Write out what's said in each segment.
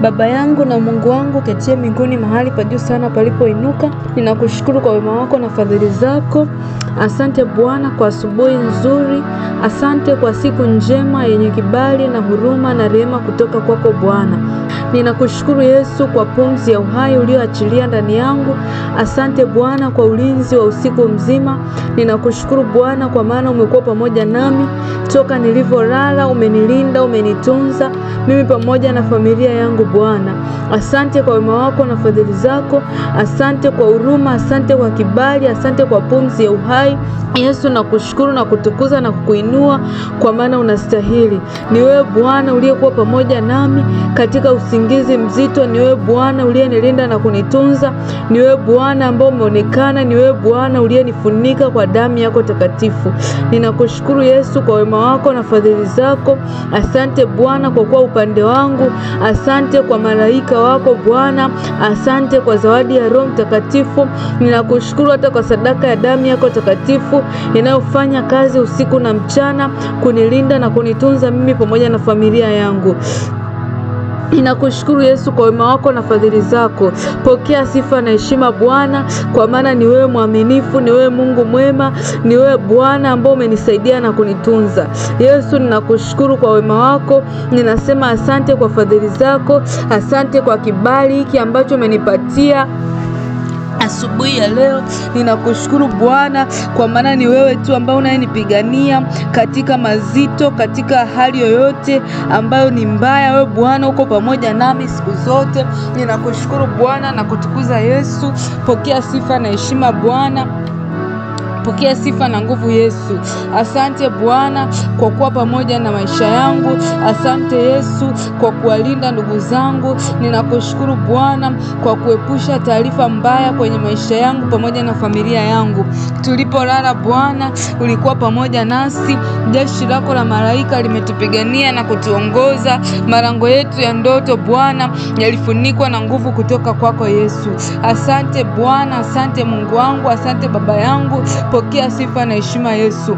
Baba yangu na Mungu wangu ketie mbinguni mahali pa juu sana palipoinuka, ninakushukuru kwa wema wako na fadhili zako. Asante Bwana kwa asubuhi nzuri, asante kwa siku njema yenye kibali na huruma na rehema kutoka kwako Bwana. Ninakushukuru Yesu kwa pumzi ya uhai ulioachilia ndani yangu. Asante Bwana kwa ulinzi wa usiku mzima. Ninakushukuru Bwana kwa maana umekuwa pamoja nami toka nilivyolala. Umenilinda, umenitunza mimi pamoja na familia yangu Bwana. Asante kwa wema wako na fadhili zako. Asante kwa huruma, asante kwa kibali, asante kwa pumzi ya uhai. Yesu nakushukuru na kutukuza na kukuinua kwa maana unastahili. Ni wewe Bwana uliyekuwa pamoja nami katika usi usingizi mzito. Ni wewe Bwana uliyenilinda na kunitunza. Ni wewe Bwana ambao umeonekana. Ni wewe Bwana uliyenifunika kwa damu yako takatifu. Ninakushukuru Yesu kwa wema wako na fadhili zako. Asante Bwana kwa kuwa upande wangu. Asante kwa malaika wako Bwana. Asante kwa zawadi ya Roho Mtakatifu. Ninakushukuru hata kwa sadaka ya damu yako takatifu inayofanya kazi usiku na mchana kunilinda na kunitunza mimi pamoja na familia yangu. Ninakushukuru Yesu kwa wema wako na fadhili zako. Pokea sifa na heshima Bwana, kwa maana ni wewe mwaminifu, ni wewe Mungu mwema, ni wewe Bwana ambao umenisaidia na kunitunza. Yesu, ninakushukuru kwa wema wako, ninasema asante kwa fadhili zako, asante kwa kibali hiki ambacho umenipatia asubuhi ya leo ninakushukuru Bwana, kwa maana ni wewe tu ambaye unayenipigania katika mazito, katika hali yoyote ambayo ni mbaya. Wewe Bwana uko pamoja nami siku zote. Ninakushukuru Bwana na kutukuza Yesu. Pokea sifa na heshima Bwana. Pokea sifa na nguvu Yesu. Asante Bwana kwa kuwa pamoja na maisha yangu. Asante Yesu kwa kuwalinda ndugu zangu. Ninakushukuru Bwana kwa kuepusha taarifa mbaya kwenye maisha yangu pamoja na familia yangu. Tulipolala Bwana ulikuwa pamoja nasi. Jeshi lako la malaika limetupigania na kutuongoza. marango yetu ya ndoto Bwana yalifunikwa na nguvu kutoka kwako Yesu. Asante Bwana, asante Mungu wangu, asante Baba yangu Pokea sifa na heshima Yesu.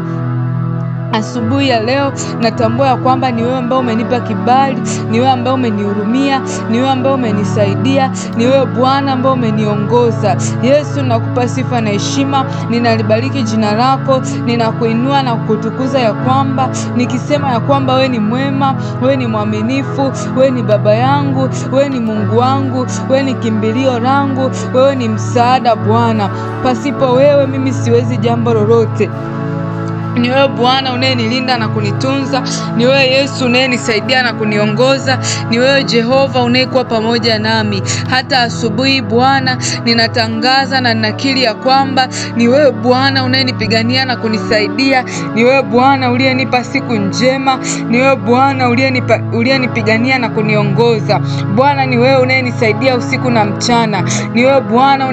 Asubuhi ya leo natambua ya kwamba ni wewe ambaye umenipa kibali, ni wewe ambaye umenihurumia, ni wewe ambaye umenisaidia, ni wewe Bwana ambaye umeniongoza. Yesu, nakupa sifa na heshima, ninalibariki jina lako, ninakuinua na kukutukuza ya kwamba nikisema ya kwamba wewe ni mwema, wewe ni mwaminifu, wewe ni baba yangu, wewe ni Mungu wangu, wewe ni kimbilio langu, wewe ni msaada Bwana. Pasipo wewe mimi siwezi jambo lolote. Ni wewe Bwana unayenilinda na kunitunza, ni wewe Yesu unayenisaidia na kuniongoza, ni wewe Jehova unayekuwa pamoja nami hata asubuhi. Bwana, ninatangaza na ninakiri ya kwamba ni wewe Bwana unayenipigania na kunisaidia, ni wewe Bwana uliyenipa siku njema, ni wewe Bwana uliyenipigania na kuniongoza. Bwana, ni wewe unayenisaidia usiku na mchana, ni wewe Bwana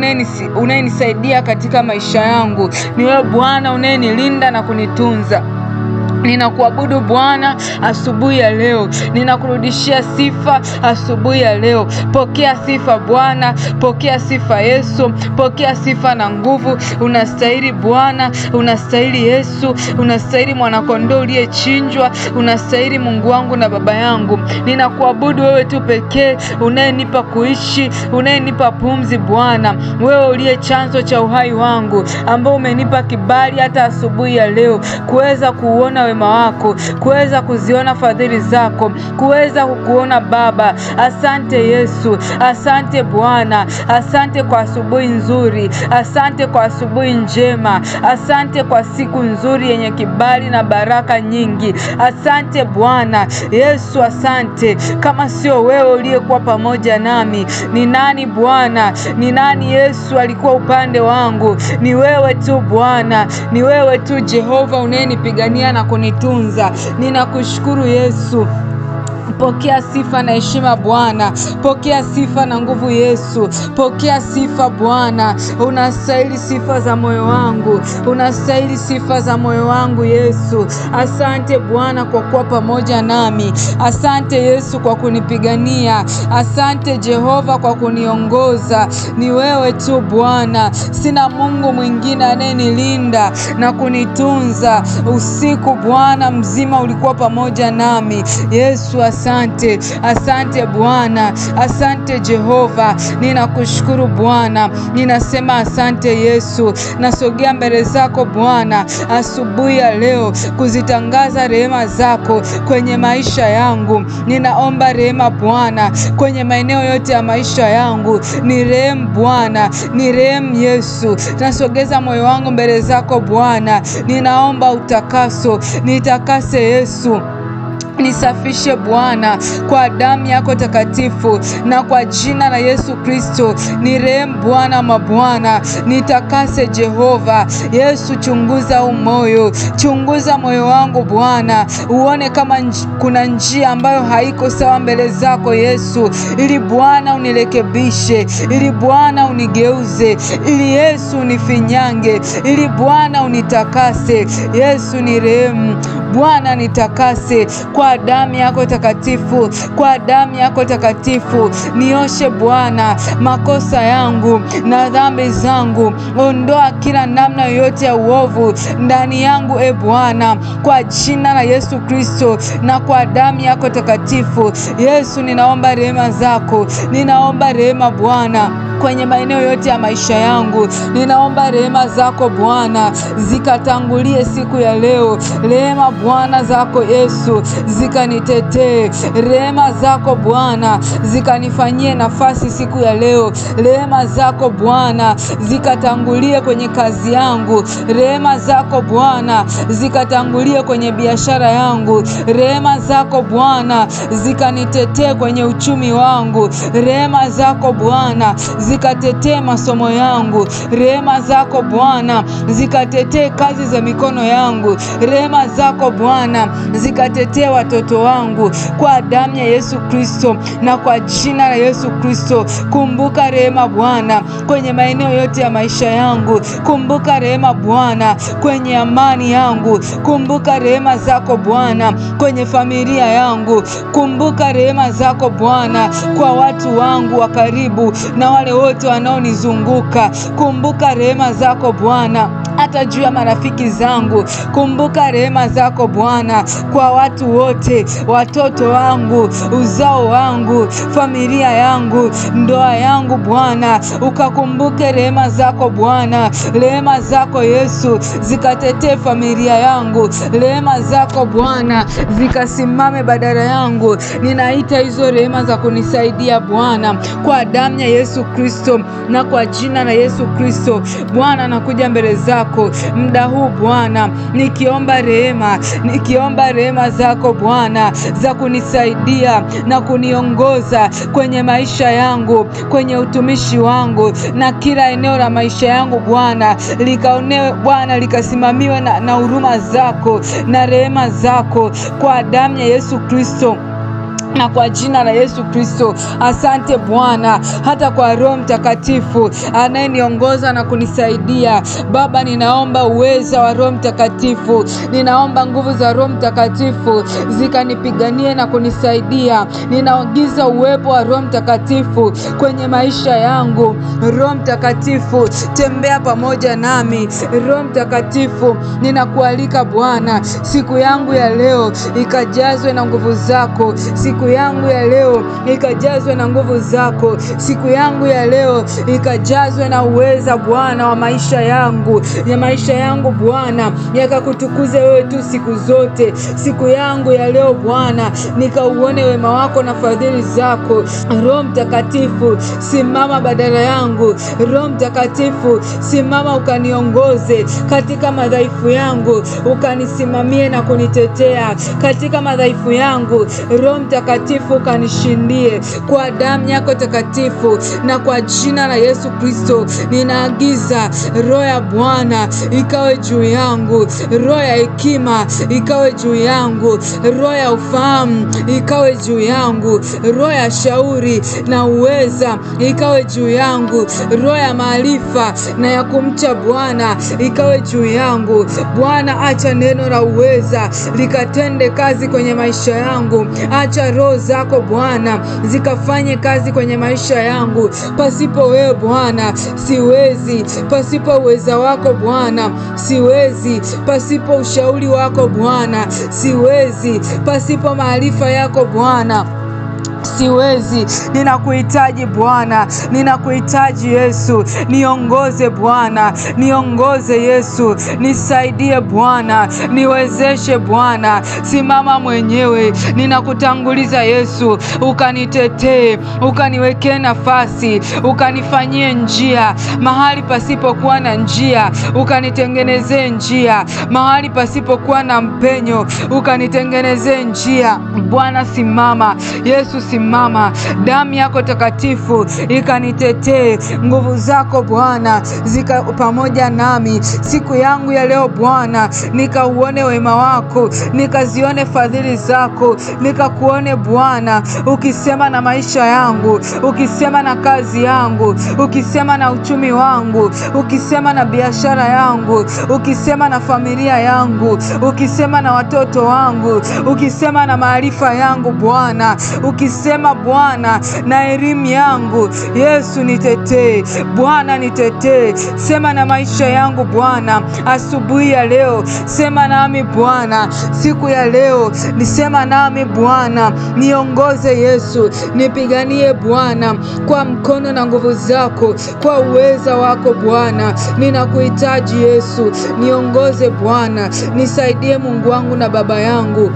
unayenisaidia katika maisha yangu, ni wewe Bwana unayenilinda na kuni kuitunza. Ninakuabudu Bwana asubuhi ya leo, ninakurudishia sifa asubuhi ya leo. Pokea sifa Bwana, pokea sifa Yesu, pokea sifa na nguvu. Unastahili Bwana, unastahili Yesu, unastahili mwanakondoo uliyechinjwa, unastahili Mungu wangu na Baba yangu. Ninakuabudu wewe tu pekee, unayenipa kuishi, unayenipa pumzi Bwana, wewe uliye chanzo cha uhai wangu, ambao umenipa kibali hata asubuhi ya leo kuweza kuuona wema wako, kuweza kuziona fadhili zako, kuweza kukuona Baba. Asante Yesu, asante Bwana, asante kwa asubuhi nzuri, asante kwa asubuhi njema, asante kwa siku nzuri yenye kibali na baraka nyingi. Asante Bwana Yesu, asante. Kama sio wewe uliyekuwa pamoja nami, ni nani Bwana? Ni nani Yesu alikuwa upande wangu? Ni wewe tu Bwana, ni wewe tu Jehova unayenipigania na kunitunza. Ninakushukuru Yesu. Pokea sifa na heshima Bwana, pokea sifa na nguvu Yesu, pokea sifa Bwana. Unastahili sifa za moyo wangu, unastahili sifa za moyo wangu Yesu. Asante Bwana kwa kuwa pamoja nami, asante Yesu kwa kunipigania, asante Jehova kwa kuniongoza. Ni wewe tu Bwana, sina Mungu mwingine anayenilinda na kunitunza. Usiku Bwana mzima ulikuwa pamoja nami Yesu, asante. Asante, asante Bwana, asante Jehova, ninakushukuru Bwana, ninasema asante Yesu. Nasogea mbele zako Bwana asubuhi ya leo kuzitangaza rehema zako kwenye maisha yangu. Ninaomba rehema Bwana kwenye maeneo yote ya maisha yangu, ni rehemu Bwana, ni rehemu Yesu. Nasogeza moyo wangu mbele zako Bwana, ninaomba utakaso, nitakase Yesu Nisafishe Bwana kwa damu yako takatifu na kwa jina la Yesu Kristo. ni rehemu Bwana mabwana, nitakase Jehova. Yesu, chunguza huu moyo, chunguza moyo wangu Bwana, uone kama nj kuna njia ambayo haiko sawa mbele zako Yesu, ili Bwana unirekebishe, ili Bwana unigeuze, ili Yesu unifinyange, ili Bwana unitakase. Yesu ni rehemu Bwana nitakase kwa damu yako takatifu, kwa damu yako takatifu nioshe Bwana makosa yangu na dhambi zangu, ondoa kila namna yoyote ya uovu ndani yangu, e Bwana, kwa jina la Yesu Kristo na kwa damu yako takatifu. Yesu, ninaomba rehema zako, ninaomba rehema Bwana kwenye maeneo yote ya maisha yangu. Ninaomba rehema zako Bwana zikatangulie siku ya leo, rehema Bwana zako Yesu zikanitetee, rehema zako Bwana zikanifanyie nafasi siku ya leo, rehema zako Bwana zikatangulie kwenye kazi yangu, rehema zako Bwana zikatangulie kwenye biashara yangu, rehema zako Bwana zikanitetee kwenye uchumi wangu, rehema zako Bwana zikatetee masomo yangu. Rehema zako Bwana zikatetee kazi za mikono yangu. Rehema zako Bwana zikatetee watoto wangu, kwa damu ya Yesu Kristo na kwa jina la Yesu Kristo. Kumbuka rehema Bwana kwenye maeneo yote ya maisha yangu. Kumbuka rehema Bwana kwenye amani yangu. Kumbuka rehema zako Bwana kwenye familia yangu. Kumbuka rehema zako Bwana kwa watu wangu wa karibu na wale wote wanaonizunguka. Kumbuka rehema zako Bwana hata juu ya marafiki zangu. Kumbuka rehema zako Bwana kwa watu wote, watoto wangu, uzao wangu, familia yangu, ndoa yangu Bwana, ukakumbuke rehema zako Bwana, rehema zako Yesu zikatetee familia yangu, rehema zako Bwana zikasimame badala yangu. Ninaita hizo rehema za kunisaidia Bwana, kwa damu ya Yesu Kristo na kwa jina la Yesu Kristo. Bwana, nakuja mbele zako zako muda huu Bwana, nikiomba rehema, nikiomba rehema zako Bwana za kunisaidia na kuniongoza kwenye maisha yangu, kwenye utumishi wangu na kila eneo la maisha yangu Bwana, likaonewe Bwana, likasimamiwe na huruma zako na rehema zako kwa damu ya Yesu Kristo na kwa jina la Yesu Kristo, asante Bwana, hata kwa Roho Mtakatifu anayeniongoza na kunisaidia Baba. Ninaomba uweza wa Roho Mtakatifu, ninaomba nguvu za Roho Mtakatifu zikanipiganie na kunisaidia. Ninaagiza uwepo wa Roho Mtakatifu kwenye maisha yangu. Roho Mtakatifu, tembea pamoja nami. Roho Mtakatifu, ninakualika Bwana, siku yangu ya leo ikajazwe na nguvu zako siku siku yangu ya leo ikajazwe na nguvu zako, siku yangu ya leo ikajazwe na uweza Bwana wa maisha yangu ya maisha yangu Bwana, yakakutukuze wewe tu siku zote. Siku yangu ya leo Bwana, nikauone wema wako na fadhili zako. Roho Mtakatifu, simama badala yangu. Roho Mtakatifu, simama ukaniongoze katika madhaifu yangu, ukanisimamie na kunitetea katika madhaifu yangu. Roho Mtakatifu Mtakatifu kanishindie kwa damu yako takatifu, na kwa jina la Yesu Kristo ninaagiza roho ya Bwana ikawe juu yangu, roho ya hekima ikawe juu yangu, roho ya ufahamu ikawe juu yangu, roho ya shauri na uweza ikawe juu yangu, roho ya maarifa na ya kumcha Bwana ikawe juu yangu. Bwana, acha neno la uweza likatende kazi kwenye maisha yangu, acha roho zako Bwana zikafanye kazi kwenye maisha yangu. Pasipo wewe Bwana siwezi, pasipo uweza wako Bwana siwezi, pasipo ushauri wako Bwana siwezi, pasipo maarifa yako Bwana siwezi, ninakuhitaji Bwana, ninakuhitaji Yesu, niongoze Bwana, niongoze Yesu, nisaidie Bwana, niwezeshe Bwana, simama mwenyewe, ninakutanguliza Yesu, ukanitetee, ukaniwekee nafasi, ukanifanyie njia mahali pasipokuwa na njia, ukanitengenezee njia mahali pasipokuwa na mpenyo, ukanitengenezee njia. Bwana simama, Yesu simama nikasimama, damu yako takatifu ikanitetee, nguvu zako Bwana zika pamoja nami siku yangu ya leo Bwana, nikauone wema wako, nikazione fadhili zako, nikakuone Bwana ukisema na maisha yangu, ukisema na kazi yangu, ukisema na uchumi wangu, ukisema na biashara yangu, ukisema na familia yangu, ukisema na watoto wangu, ukisema na maarifa yangu Bwana ukisema Sema Bwana, na elimu yangu Yesu nitetee, Bwana nitetee. Sema na maisha yangu Bwana, asubuhi ya leo sema nami Bwana, siku ya leo nisema nami Bwana, niongoze Yesu, nipiganie Bwana kwa mkono na nguvu zako, kwa uweza wako Bwana, ninakuhitaji Yesu, niongoze Bwana, nisaidie Mungu wangu na baba yangu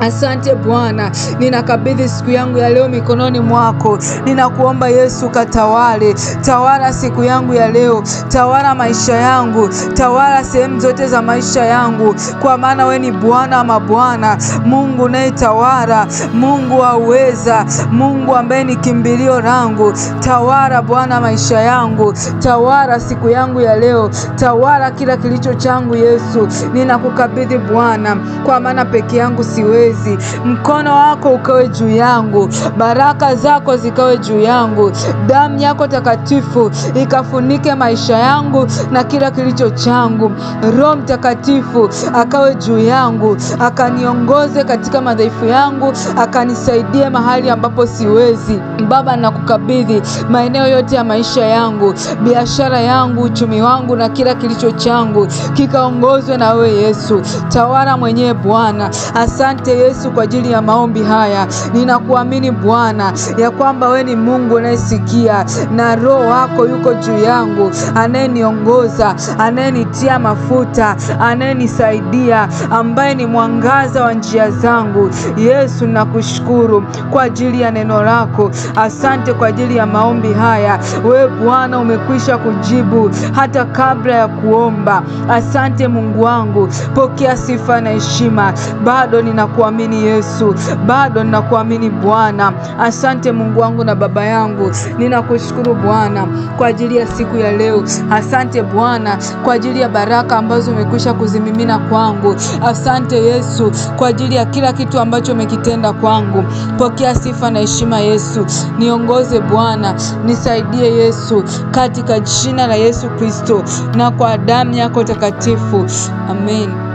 Asante Bwana, ninakabidhi siku yangu ya leo mikononi mwako. Ninakuomba Yesu, katawale, tawala siku yangu ya leo, tawala maisha yangu, tawala sehemu zote za maisha yangu, kwa maana we ni Bwana mabwana, Mungu unayetawala, Mungu uweza, Mungu ambaye ni kimbilio langu. Tawala Bwana maisha yangu, tawala siku yangu ya leo, tawala kila kilicho changu. Yesu, ninakukabidhi Bwana, kwa maana peke yangu siwezi mazoezi, mkono wako ukawe juu yangu, baraka zako zikawe juu yangu, damu yako takatifu ikafunike maisha yangu na kila kilicho changu. Roho Mtakatifu akawe juu yangu, akaniongoze katika madhaifu yangu, akanisaidie mahali ambapo siwezi. Baba, nakukabidhi maeneo yote ya maisha yangu, biashara yangu, uchumi wangu na kila kilicho changu, kikaongozwe na wewe Yesu. Tawala mwenyewe Bwana. Asante Yesu kwa ajili ya maombi haya. Ninakuamini Bwana ya kwamba we ni Mungu unayesikia na Roho wako yuko juu yangu, anayeniongoza, anayenitia mafuta, anayenisaidia, ambaye ni mwangaza wa njia zangu. Yesu, nakushukuru kwa ajili ya neno lako. Asante kwa ajili ya maombi haya. we Bwana umekwisha kujibu hata kabla ya kuomba. Asante Mungu wangu, pokea sifa na heshima. Bado ninakuwa kuamini Yesu, bado ninakuamini Bwana. Asante Mungu wangu na baba yangu, ninakushukuru Bwana kwa ajili ya siku ya leo. Asante Bwana kwa ajili ya baraka ambazo umekwisha kuzimimina kwangu. Asante Yesu kwa ajili ya kila kitu ambacho umekitenda kwangu. Pokea sifa na heshima Yesu, niongoze Bwana, nisaidie Yesu, katika jina la Yesu Kristo na kwa damu yako takatifu, amen.